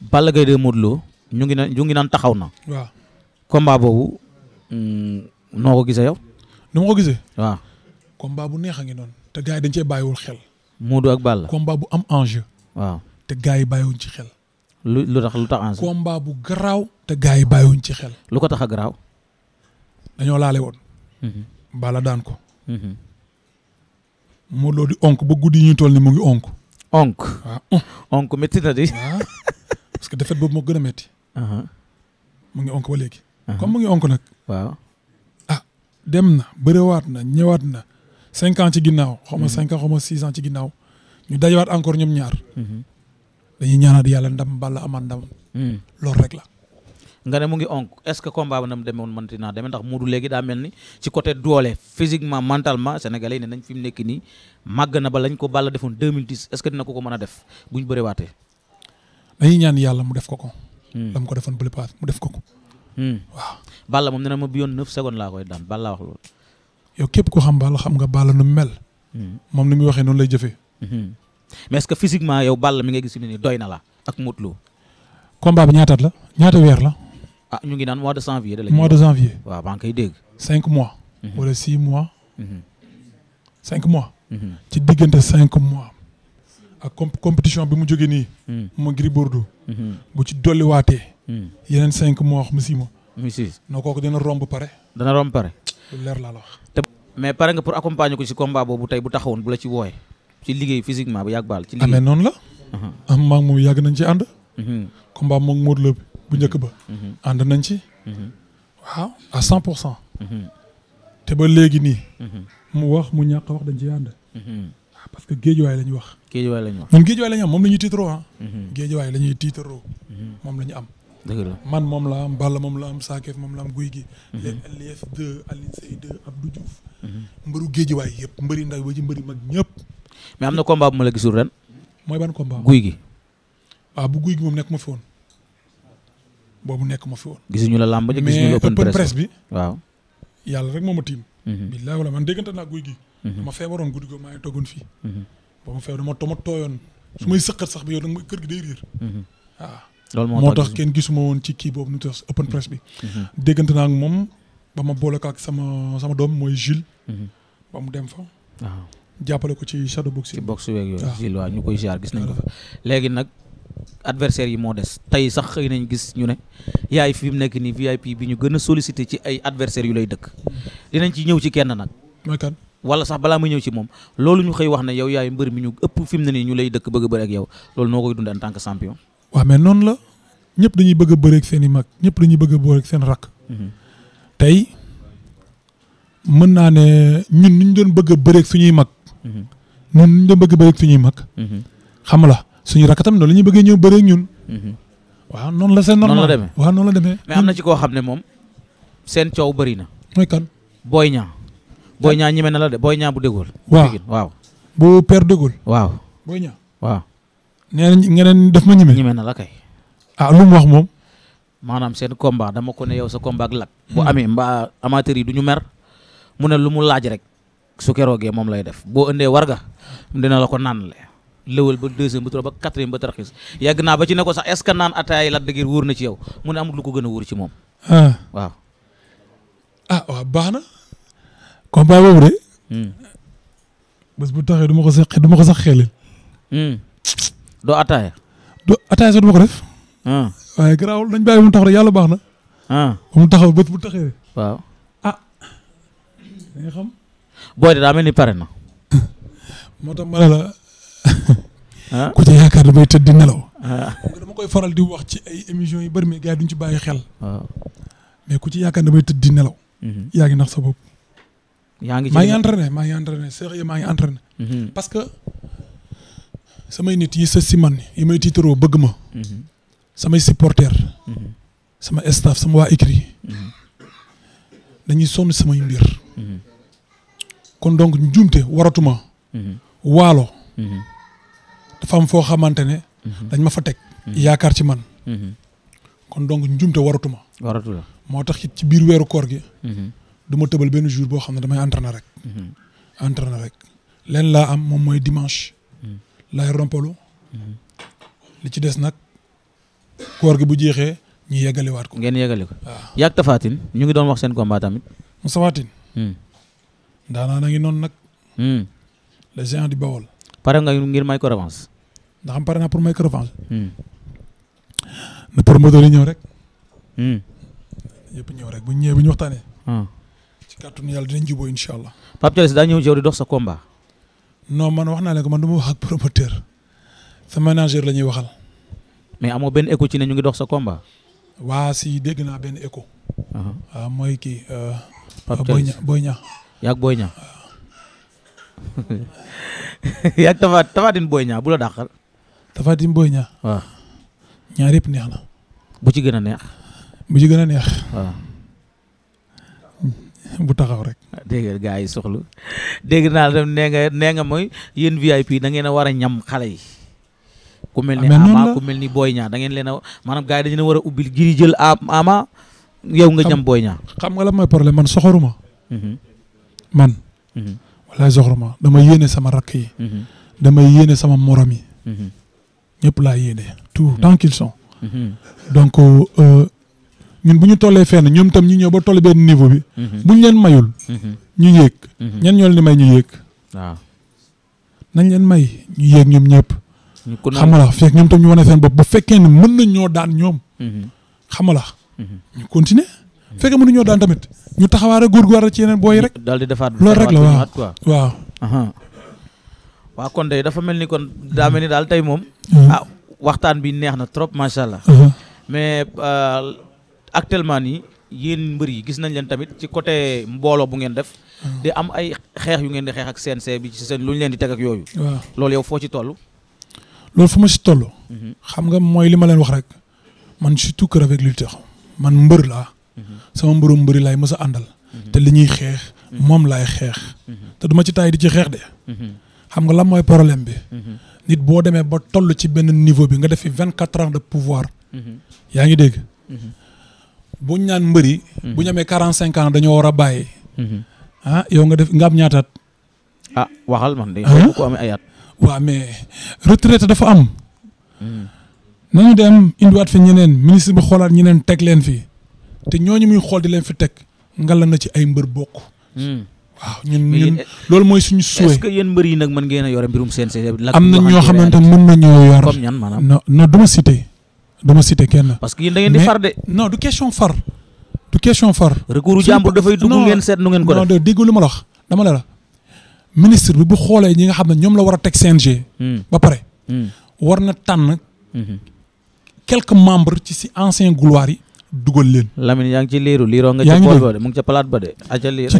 Balla Gaye de Modou Lo ñu ngi naan ñu naan taxaw na. waaw combat boobu mm, noo ko gisee yow. nu ko gisee. waaw combat bu neex a ngi noonu. te gars dañ cee bàyyiwul xel. Modou ak Balla. komba bu am enjeu. waaw te gars yi bàyyiwuñ ci xel. lu lu tax lu bu garaaw. te gars yi bàyyiwuñ ci xel. lu ko tax a garaaw. dañoo laale woon. Mhm. Balla daan ko. Mhm. Modou Lo di onk ba guddi yi ñuy toll ni mu ngi onk. onk waaw na di. que defet boobu moo gën a metti mu ngi onk ba léegi comme mu ngi onk nag waaw ah dem na waat na ñëwaat na cinq ans ci ginnaaw xaw ma mhm. cinq ans xaw ma six ans ci ginnaaw ñu dajewaat encore ñoom ñaar mhm. dañuy ñaanaat yàlla ndam balla amaat ndam mhm. loolu rek la nga ne mu ngi onk est-ce que combat ba nam demewoon mënti naa demee ndax Modou léegi daa mel ni ci côté doole physiquement mentalement sénégalais yi ne nañ fi mu nekk nii màgg na ba lañ ko balla defoon 2010 est-ce ko ko a def bu ñu bëriwaatee dañuy ñaan yàlla mu def ko ko. Hmm. dama ko defoon bële paas mu def ko ko. Hmm. waaw. Balla moom nee na ma bu yoon neuf secondes laa koy daan Balla wax loolu. yow képp ko xam Balla xam nga Balla nu mel. Hmm. moom ni mu waxee noonu la jëfee. mais est-ce que physiquement yow Balla mi nga gis ni doy na la ak Modou Lo. combat bi ñaataat la ñaata weer la. ah ñu ngi naan mois de janvier. de la mois de janvier. waaw maa ngi koy dégg. cinq mois. wala six mois. cinq mois. ci diggante cinq mois. ak compétition bi mu jógee nii. Hmm. mu Gris Bordeaux. Hmm. bu ci dolliwaatee. Hmm. yeneen cinq mois wax mu six mois. mu six non kooku dina romb pare. dana romb pare. lu leer laa la wax. mais pare nga pour accompagner ko ci combat boobu tey bu taxawoon bu la ci wooyee. ci liggéey physiquement bu yàgg baal ci liggéey. amee noonu la. am maa moom yàgg nañ ci ànd. combat moom Modou la bu njëkk ba. ànd nañ ci. waaw à cent pour cent. te ba léegi nii. mu wax mu ñàkk wax dañ ci ànd. parce que géejuwaay la ñu wax. géejuwaay la ñu wax ñun géejuwaay la ñu am moom la ñuy tiitaroo ah. mhm. géejuwaay la ñuy tiitaroo. Mhm. moom lañu am. man moom la am Balla moom la am Sakef moom la am Guy gi. Mhm. les LIF 2 Alioune Seye 2 Abdou Diouf. mbëru géejuwaay yëpp mbëri ndaw ba ci mag ñëpp. mais am na combat bu ma la gisul ren. mooy ban combat Guy gi. waaw ah, bu Guy gi moom nekk ma fi woon boobu nekk ma fi woon. gisuñu la làmb ja gisuñu la press bi waaw. yàlla rek moo ma tiim. bilaay wala man déggante naa Guy gi. Mhm. ma feebaroon guddi ko maa ngi toogoon fii. Mhm. ba ma feebar ma to ma tooyoon. su may sëqat sax bi yow nag kër gi day réer. Mhm. waaw moo tax kenn gisuma woon ci kii boobu ñu tax open press bi. déggante naa moom ba ma boole ak sama sama doom mooy Jules. ba mu dem fa. waaw jàppale ko ci shadow box. ci box weeg yooyu Jules waaw ñu koy ziar gis nañ ko fa léegi nag. adversaire yi moo des tey sax xëy nañ gis ñu ne yaay fi mu nekk nii VIP bi ñu gën a sollicité ci ay adversaires yu lay dëkk mm-hmm. dinañ ci ñëw ci kenn nag. wala sax balaa muy ñëw ci moom loolu ñu xëy wax ne yow yaayu mbër mi ñu ëpp fi mu ne nii ñu lay dëkk bëgg a bëri ak yow loolu noo koy dund en tant que champion. waaw mais noonu la ñëpp dañuy bëgg a seeni mag ñëpp dañuy bëgg a seen rakk. Mm-hmm. tey mën naa ne ñun ñu doon bëgg a suñuy mag. Mm-hmm. ñun ñu doon bëgg a suñuy mag. Mm-hmm. xam la suñu rakk tam noonu la ñuy bëggee ñëw bëri ñun. waaw noonu la seen normal noonu la demee waaw demee. am na mm. ci koo xam ne moom seen coow bëri na. mooy kan Boy Niang booy ñaa ñeme na la de booy ñaa bu dégul. waaw waaw. bu per dégul. waaw booy ñaa. waaw. nee nañ ma ñeme. na la kay. ah lu mu wax moom. maanaam seen combat dama ko ne yow sa combat ak Lac. bu amee mbaa amateur yi du ñu mer mu ne lu mu laaj rek su moom lay def boo indee warga dina la ko naan le lëwal ba deuxième ba troisième ba quatrième ba tarxis yàgg naa ba ci ne ko sax est ce que naan ataay Lac de Guiers na ci yow mu ne amul lu ko gën a wóor ci moom. Ah. waaw. Ah, combat boobu de. Hmm. bés bu taxee duma ko sax du ma ko sax xeelil. Hmm. doo ataaya. doo ataaya sax du ma ko def. Hmm. waaye garaawul nañ bàyyi mu tax rek yàlla baax na. mu taxaw bés bu taxee. waaw ah. xam. booy de pare na. moo tax ma la. Ah. ku ci yaakaar damay tëdd di nelaw. Ah. dama koy faral di wax ci ay émissions yu bari mais gars yi duñ ci bàyyi xel. mais ku ci yaakaar damay tëdd di nelaw. Mm-hmm. yaa ngi nax sa bopp. yaa ngi ci maa ngi entraîné maa ngi entraîné Cheikh yi maa ngi entraîné. Mm-hmm. parce que samay nit yi sa si man yi may tiitaroo bëgg ma. Mm-hmm. samay supporters. Mm-hmm. sama staff sama waa écrit dañuy sonn samay mbir. kon donc njuumte waratuma. waalo. dafa am foo xamante ne. dañ ma fa teg. yaakaar ci man. kon donc njuumte waratuma. waratula moo tax it ci biir weeru koor gi. du ma tëbal benn jour boo xam ne damay entraîner rek. Mhm. entraîner rek len laa am moom mooy dimanche. Mhm. laay rompalu. Mhm. li ci des nag koor gi bu jeexee ñu yeggaliwaat ko. ngeen yeggale ko waaw. yàgg ñu ngi doon wax seen combat tamit. Tapha Tine. daanaa na ngi noonu nag. le géant du Baol. pare nga ngir may ko ndax am pare naa pour may ko revanche. na promoteur yi ñëw rek. yëpp ñëw rek bu ñëwee bu ñu waxtaanee. Ah. kàttanu yàlla dinañ jubóo incha allah. Pape Thialis daa ñëw ci di dox sa combat. non man wax naa leen ko man du wax ak promoteur sa manager la ñuy waxal. mais amoo benn écho ci ne ñu ngi dox sa combat. waa si dégg naa benn écho. Uh-huh. waaw mooy kii. Euh, Pape Thialis Boy Niang yaa Boy Niang. yaa ngi Tapha Tapha Tine Boy Niang bu la dàqal. Tapha Tine Boy Niang. waaw ñaar yëpp neex na. bu ci gën a neex. bu ci gën a neex. bu taxaw rek. Ah, dégg nga la yi soxla dégg naa dem nee nga nee mooy yéen VIP da ngeen a war a ñam xale yi. ku mel ni ah, Ama ku mel ni Boy Niang da ngeen leen a maanaam gars yi dañu war a ubbil giri jël Ama yow nga ñam Boy Niang. xam nga la mooy problème man soxoruma. Mhm. man. Mhm. walaay soxoruma dama yéene sama rakk yi. Mhm. dama sama morom yi. ñëpp laa tout tant qu'ils ñun bu ñu tollee fenn ñoom itam ñu ñëw ba toll benn niveau bi. Mhm. bu ñu leen mayul. Mhm. ñu yéeg. Mhm. ñan ñoo leen may ñu yéeg. waaw ah. leen may ñu yéeg ñoom ñëpp. xam nga fekk ñoom itam ñu wane seen bopp bu fekkee ne mën nañ ñoo daan ñoom. xam nga ñu continuer. fekk mënu ñoo daan tamit ñu taxawaare góorgóorlu ci yeneen booy rek. daal di defaat loolu rek la waaw waaw. waaw kon de dafa mel ni kon daa mel ni daal tey moom. ah waxtaan bi neex na trop macha allah. Euh, actuellement nii yéen mbër yi gis nañ leen tamit ci côté mbooloo bu ngeen def. Ah. di am ay xeex yu ngeen di xeex ak CNG bi ci seen lu ñu leen di teg ak yooyu. loolu yow foo ci toll. loolu fu ma ci toll. Mhm. xam nga mooy li ma leen wax rek man je suis tout cœur avec lutteur man mbër laa. Mhm. sama mbëru mbëri laay mës a àndal. Mhm. te li ñuy xeex moom laay xeex. te duma ci taay di ci xeex de. xam nga lam mooy problème bi. nit boo demee ba toll ci benn niveau bi nga def vingt quatre ans de pouvoir. yaa ngi bu ñu naan mbëri. Mhm. bu ñu amee quarante cinq ans dañoo war a bàyyi. Mhm. ah yow nga def nga am ñaataat. ah waxal man de. bu ah? ko ay at. waaw mais retraite dafa am. na mhm. nañu dem indiwaat fi ñeneen ministre bi xoolaat ñeneen teg leen fii te ñoo ñooñu muy xool di leen fi teg ngalla na ci ay mbër bokk. waaw ñu ñun loolu mooy suñu souhait. est-ce que yéen mbër yi nag mën ngeen a yore mbirum CNG. am na ñoo xamante mën nañoo yor. comme ñan maanaam. non non du ma cité. dama cité kenn. parce que yéen da ngeen di far de. non du question far. du question far. recours jàmbur dafay dugg ngeen seet nu ngeen ko def. non dégg lu ma la dama la la ministre bi bu xoolee ñi nga xam ne ñoom la war a teg CNG. Hmm. ba pare. Hmm. war na tànn. Hmm. quelques membre ci si ancien gloire yi. dugal leen. Lamine yaa ngi ci liiru liiroo nga. yaa ngi ngi palaat ba de. aca liir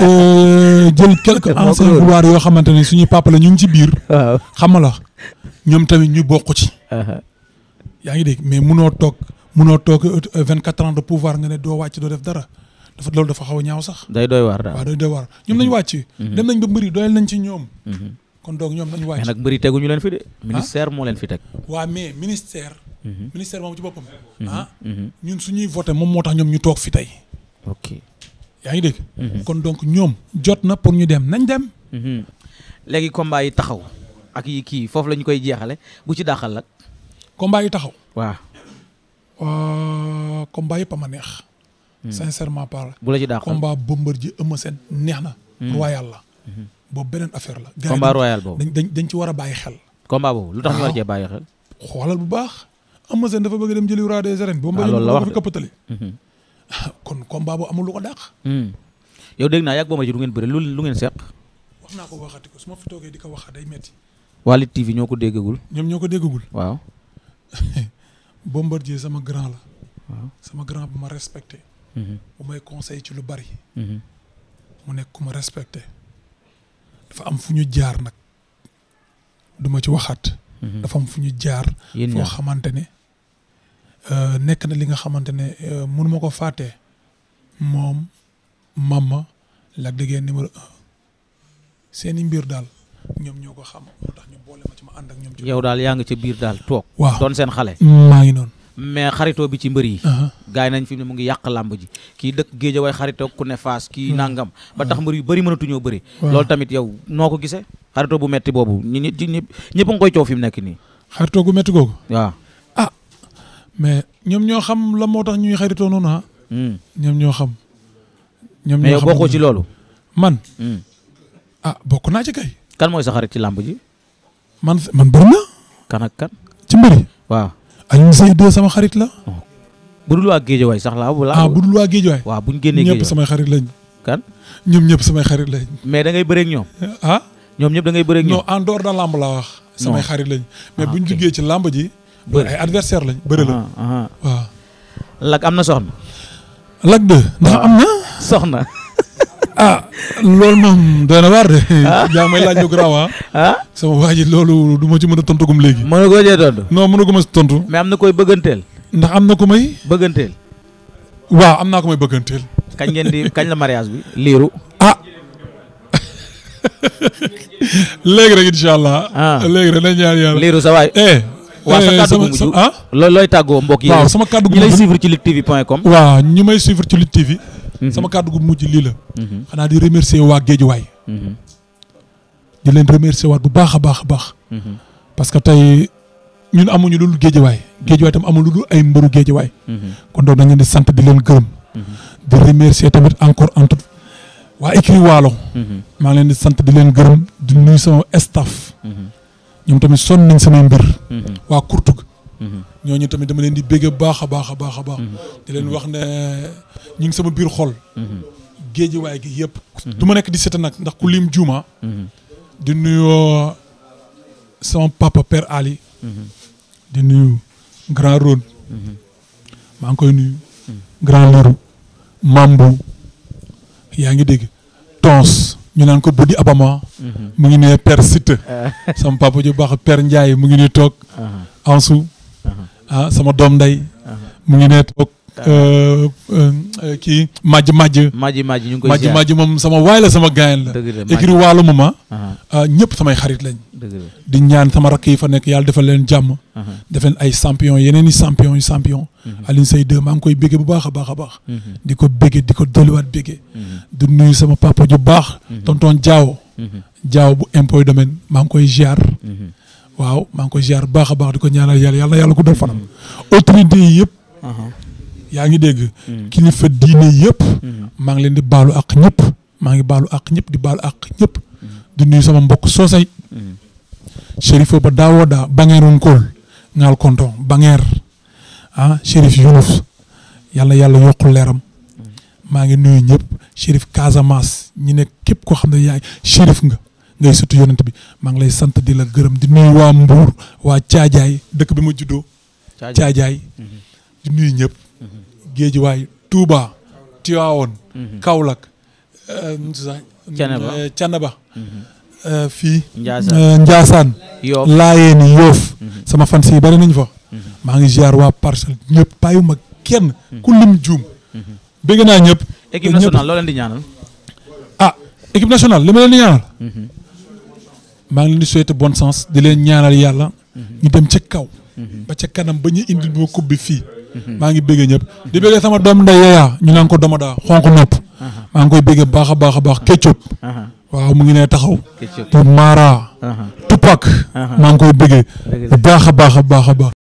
euh, jël quelques anciens gloire yoo xamante ne suñuy papa la ñu ngi ci biir. xam ma la ñoom tamit ñu bokk ci. yaa ngi dégg mais munoo toog munoo toog 24 ans de pouvoir nga ne doo wàcc doo def dara dafa loolu dafa xaw a ñaaw sax. day doy waar daal waaw day doy waar ñoom nañ wàcc. Mhm. dem nañ ba mbëri doyal nañ ci ñoom. Mhm. kon donc ñoom nañ wàcc. mais nag mbëri teguñu leen fi de. Ah? ministère moo leen fi teg. waaw mais ministère. Mhm. ministère moom ci boppam. ah ñun suñuy voté moom moo tax ñoom ñu toog fi tey. ok yaa ngi dégg. kon donc ñoom jot na pour ñu dem nañ dem. léegi combat yi taxaw ak yi kii foofu la ñu koy jeexale bu ci dàqal la. combat yi taxaw. waaw. combat yëpp a ma neex. Hmm. sincèrement parle. bu la ci dàqal combat Bombardier Eumeu Sène neex na. Hmm. royal la. Hmm. boobu beneen affaire la. combat royal boobu dañ dañ ci war a bàyyi xel. combat boobu lu tax ñu war ah. cee bàyyi xel. xoolal bu baax. Eumeu Sène dafa bëgg dem jëli roi des arènes. waaw ah, la wax de këppatali. kon combat boobu amul lu ko dàq. yow dégg naa yàgg ji du ngeen bëri lu lu ngeen seq. wax naa ko waxati ko su ma fi toogee di ko wax day metti waa Lutte TV ñoo ko déggagul. ñoom ñoo ko déggagul. waaw boo Bombardier sama grand la. sama grand bu ma respecté. Mhm. bu may conseil ci lu bari. Mhm. mu nekk ku ma respecté. dafa am fu ñu jaar nag du ci waxaat. Mhm. dafa fu ñu jaar. foo xamante ne euh, nekk na li nga xamante ne euh, mënu ko fàtte moom mama Lac de Guiers numéro seeni mbir daal. ñoom ñoo ko xam moo tax boole ma ànd ak ñoom. yow daal yaa nga ca biir daal toog. waaw doon seen xale. maa ngi noonu. mais xaritoo bi ci mbër yi. gars yi nañ fi ne mu ngi yàq làmb ji kii dëkk Géejawaay xaritoo ku ne Faas kii hmm. nangam. ba tax hmm. mbër yu bëri mënatuñoo bëri. loolu tamit yow noo ko gisee. xaritoo bu metti boobu ñi ñi ñëpp ñëpp a koy coow fi mu nekk nii. xaritoo gu metti googu. waaw ah. mais ñoom ñoo xam la moo tax ñuy xaritoo noonu ah. Hmm. ñoom ñoo xam. ñoom ñoo xam ci loolu. man. ah bokk naa ci kay. kan mooy sa xarit ci làmb ji. man man bëri na. kan ak kan. ci mbëri. waaw Alioune Seye deux sama xarit la. Oh. bu ah, dul waa waay sax laa bu ah bu dul waa Géejawaay. waaw bu ñu génnee Géejawaay ñëpp samay xarit lañ. kan ñoom ñëpp samay xarit lañ. mais da ngay bëree ah ñoom ñëpp da bëree ak en dehors de làmb laa wax. samay xarit lañ. Ah, mais bu ñu jugee ci làmb ji. bëri ay adversaire lañ bëri la. Ah, waaw. Lac am na soxna. Lac de ndax am na. soxna. ah loolu moom doy na waar de. Ah. yaa may laaj ah. Ah. sama waa loolu du ma ci mën a tontu gum léegi. mën na koo jee tontu. non mën na ko ma tontu. mais na koy bëgganteel. ndax am na ko may. bëgganteel. waaw am naa ko may bëgganteel. kañ ngeen la mariage bi liiru. ah. léegi rek incha allah. ah rek nañ ñaan yàlla. liiru sa waay. Eh. waaw sa eh, tàggoo mbokk yi. waaw sama kàddu gu mujj ñi lay suivre ci luttetv.com. waaw ñi may suivre ci luttetv. Mhm. sama kàddu gu mujj lii la. Mhm. xanaa di remercier waa Géejuwaay. Mhm. di leen remercier waat bu baax a baax a baax. parce que tey ñun amuñu lu dul Géejuwaay. Géejuwaay tam amuñu lu dul ay mbëru Géejuwaay. kon donc dañ di sant di leen gërëm. di remercier tamit encore en waa écrit maa leen di sant di leen gërëm di nuyu sama staff. ñoom tamit sonn nañ samay mbir. waa Kurtug. ñooñu tamit dama leen di bégg baax a baax a baax a baax. Mm-hmm. di leen wax ne ñu ngi sama biir xol. Mm-hmm. géejewaay gi yëpp. Mm-hmm. du ma nekk di seeta nag ndax ku lim juuma. di nuyu sama papa per Ali. di nuyu grand Rhône. maa ngi koy nuyu. grand Lourou. Mambu. yaa ngi dégg Tons. ñu naan ko buddi abama mu ngi nee per Cite. sama papa ju baax père Ndiaye mu ngi nuy toog. en uh-huh. Ansu. ah sama doom nday mu ngi nee toog euh, euh, kii Madji Madji. Madji Madji ñu ngi koy ziar Madji Madji moom sama waay la sama gaayen la. dëgg la écrit wàllu mama. Ah, samay xarit lañ. di ñaan sama rakk yi fa nekk yàlla defal leen jàmm. def leen ay champion yeneen i champion yi champion. Mhm. Alioune Seye 2 maa ngi koy béggee bu baax a baax a baax. Mhm. di ko béggee di ko dolliwaat béggee. Mhm. di nuyu sama papa ju baax. tonton jaaw jaaw bu impôt domaine maa ngi koy ziar. waaw maa ngi koy ziar bu baax baax di ko ñaanal yàlla yàlla na yàlla guddal fanam. Uh-huh. autorité yi yëpp. Uh-huh. yaa ngi dégg. Mm. kilifa diine yëpp. Mm-hmm. maa ngi leen di baalu ak ñëpp. maa ngi baalu ak ñëpp di baalu ak ñëpp. Mm-hmm. di nuyu sama mbokk soosay. shérif mm-hmm. ba daawoo daa bangeeroon kool ngaal konton bangeer shérif ah, Yunus yàlla yàlla yokk leeram. maa ngi nuyu ñëpp shérif Casamance ñi nekk képp koo xam ne yaay shérif nga. ngay sëtu yonent bi maa ngi lay sant di la gërëm di nuyu waa Mbour waa Caajaay dëkk bi ma juddoo. Caajaay mhm. di nuyu ñëpp. Mhm. Géejiwaay Touba. Tiwaawoon. Mhm. Kaolack. Canaba euh, Canaba. Euh, euh, fii. Ndiassane Ndiassane. Yoff Laayeen sama fan si bari nañ fa. maa ngi ziar waa parcelle ñëpp bàyyiwuma kenn ku lim juum. bëgg naa ñëpp. di ah équipe nationale li ma leen di ñaanal. maa ngi leen di souhaiter bonne chance di leen ñaanal yàlla. Mhm. ñu dem ci kaw. Mhm. ba ca kanam ba ñu indil ba coupe bi fii. Mhm. maa ngi bëggee ñëpp. di bëggee sama doom nday Yaya ñu naan ko dama daa xonq nopp. maa ngi koy bëggee baax a baax a baax Ketchup. waaw mu ngi ne taxaw. Ketchup Mara. Tupac. maa ngi koy baax a baax a baax a baax.